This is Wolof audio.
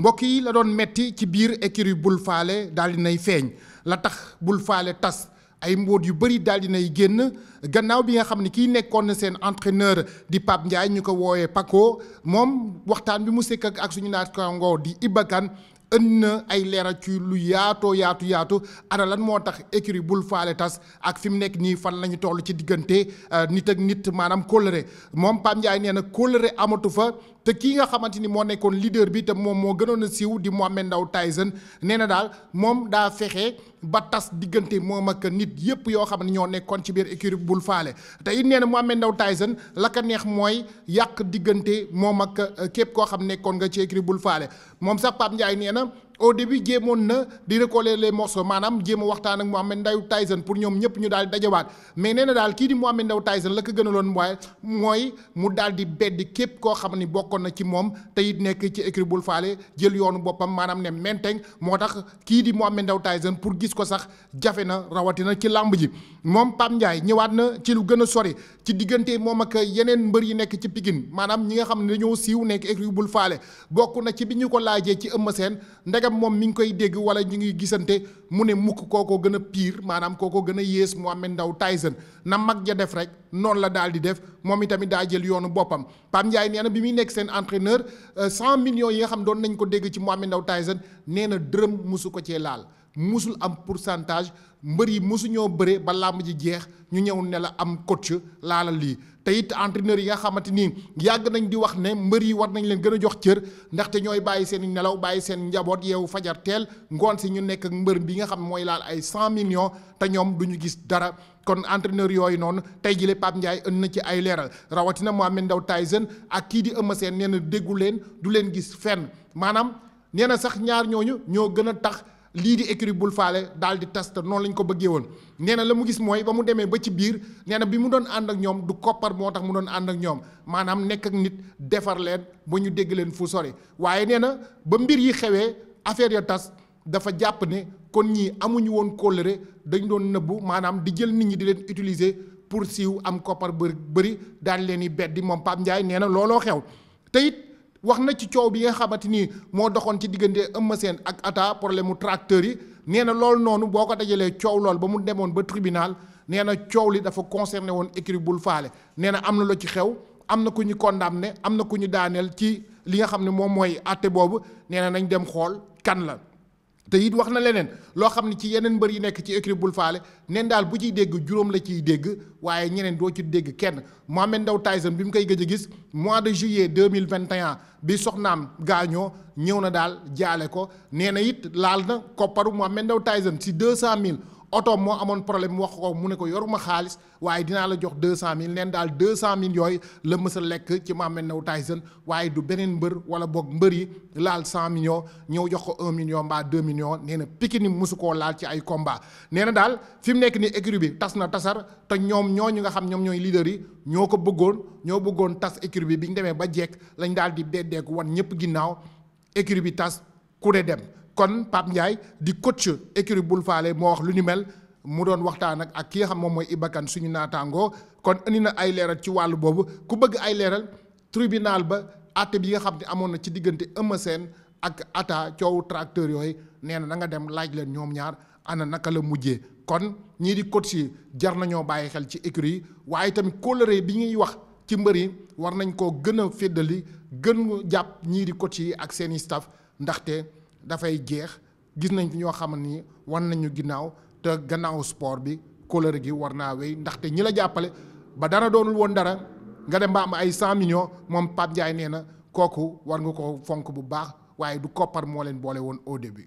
mbokk yi la doon metti ci biir écurie bul Falé daal di nay feeñ la tax bul Falé tas ay mbóot yu bëri daal di nay génn gannaaw bi nga xam ne kii nekkoon na seen entraîneur di Pape Ndiaye ñu ko woowee Paco moom waxtaan bi mu sekk ak suñu naat naataangoo di Iba Kane ën na ay leeral ci lu yaatoo yaatu yaatu ana lan moo tax écurie bul faale tas ak fi mu nekk nii fan la ñu toll ci diggante euh, nit ak nit maanaam kóllëre moom Pape Ndiaye nee na kóllëre amatu fa te kii nga xamante ni moo nekkoon leader bi te moom moo gënoon a siiw di amee ndaw Tyson nee na daal moom daa fexe. ba tas diggante moom ak nit yépp yoo xam ne ñoo nekkoon ci biir écurie bul faale te it nee na Mohamed Ndao Tyson la ko neex mooy yàq diggante moom ak euh, képp koo xam nekkoon nga ci écurie bul faale moom sax Pape Ndiaye nee na au début jéemoon na di recoller les morceaux maanaam jéema waxtaan ak Mohamed Ndao Tyson pour ñoom ñëpp ñu daal di dajawaat mais nee na daal kii di Mohamed Ndao Tyson la ko gënaloon waaye mooy mu daal di képp koo xam ni bokkoon na ci moom te it nekk ci écrit bul faale jël yoonu boppam maanaam ne menteng moo tax kii di Mohamed Ndao Tyson pour gis ko sax jafe na rawatina ci làmb ji moom Pape Ndiaye ñëwaat na ci lu gën a sori ci diggante moom ak yeneen mbër yi nekk ci Pikine maanaam ñi nga xam ne dañoo siiw nekk écrit bul faale bokk na ci bi ñu ko laajee ci Eumeu Sène moom mi ngi koy dégg wala ñu ngi gisante mu ne mukk kookoo gën a piir maanaam kookoo gën a yées Mohamed ndaw Tyson na mag ja def rek noonu la daal di def moom itamit daa jël yoonu boppam Pam Ndiaye nee na bi muy nekk seen entraîneur sant euh, millions yi nga xam doon nañ ko dégg ci Mohamed Ndao Tyson nee na dërëm mosu ko cee laal mosul am pourcentage mbër yi musuñoo bëre ba làmb ji jeex ñu ñëw ne la am coach laala lii te it entraîneur yi nga xamante ni yàgg nañ di wax ne mbër yi war nañ leen gën a jox cër ndaxte ñooy bàyyi seen nelaw bàyyi seen njaboot yeewu fajar teel ngoon si ñu nekk ak mbër bi nga xam mooy laal ay cent millions te ñoom du gis dara kon entraîneur yooyu noonu tey jile Pape Ndiaye ën na ci ay leeral rawatina Mohamed Ndao Tyson ak kii di Eumeu seen neen na déggu leen du leen gis fenn maanaam nee sax ñaar ñoo gën a tax lii di écrit bul faale daal di tas te noonu lañ ko bëggee woon nee la mu gis mooy ba mu demee ba ci biir nee bi mu doon ànd ak ñoom du koppar moo tax mu doon ànd ak ñoom maanaam nekk ak nit defar leen ba ñu dégg leen fu sore waaye nee na ba mbir yi xewee affaire ya tas dafa jàpp ne kon ñii amuñu woon kóllëre dañ doon nëbbu maanaam di jël nit ñi di leen utiliser pour siiw am koppar bëri bëri daal leen di beddi moom Pape Ndiaye nee na looloo xew te wax na ci coow bi nga xamante ni moo doxoon ci diggante Eumeu Sène ak Ata problème mu tracteurs yi nee na loolu noonu boo ko dajalee coow lool ba mu demoon ba tribinal nee na coow li dafa concerné woon écrit bul faale nee na am na lu ci xew am na ku ñu kon condamné am na ku ñu daaneel ci li nga xam ne moom mooy àtte boobu nee na nañ dem xool kan la. te it wax na leneen loo xam ne ci yeneen mbër yi nekk ci écurie bul faale neen daal bu ciy dégg juróom la ciy dégg waaye ñeneen doo ci dégg kenn Mohamed Ndao Tyson bi mu koy gëj a gis mois de juillet deux mille vingt et bi soxnaam gaañoo ñëw na daal jaale ko nee na it laal na kopparu Mohamed Ndao Tyson si deux cent mille oto moo amoon problème mu wax ko mu ne ko yoruma xaalis waaye dinaa la jox deux cent mille neen daal deux cent mille yooyu la mës a lekk ci Mohamed Ndao Tyson waaye du beneen mbër wala boog mbër yi laal cent millions ñëw jox ko un million mbaa deux millions nee na Pikine ko laal ci ay combat nee na daal fi mu nekk nii écurie bi tas na tasar te ñoom ñooñu nga xam ñoom ñooy leader yi ñoo ko bëggoon ñoo bëggoon tas écurie bi bi ñu demee ba jekk lañ daal di beddeeku wan ñëpp ginnaaw écurie bi tas ku dem kon Pape Ndiaye di coach écurie bul Falé moo wax lu ni mel mu doon waxtaan ak ak ki xam moom mooy Ibakan suñu naataangoo kon indi na ay leeral ci wàllu boobu ku bëgg ay leeral tribinal ba àtte bi nga xam ne amoon na ci diggante Eumeu seen ak atta coow tracteur yooyu nee na na nga dem laaj leen ñoom ñaar ana naka la mujjee kon ñii di coach yi jar nañoo bàyyi xel ci écurie yi waaye tamit kóllëre bi ñuy wax ci mbër yi war nañ koo gën a féddali gën jàpp ñii di coach yi ak seeni staff ndaxte. dafay jeex gis nañ fi ñoo xam ni wan nañu ginnaaw te gannaaw sport bi couleur gi war naa wéy ndaxte ñi la jàppale ba dara doonul woon dara nga dem ba am ay cent millions moom Pape Ndiaye nee na kooku war nga ko fonk bu baax waaye du koppar moo leen boole woon au bi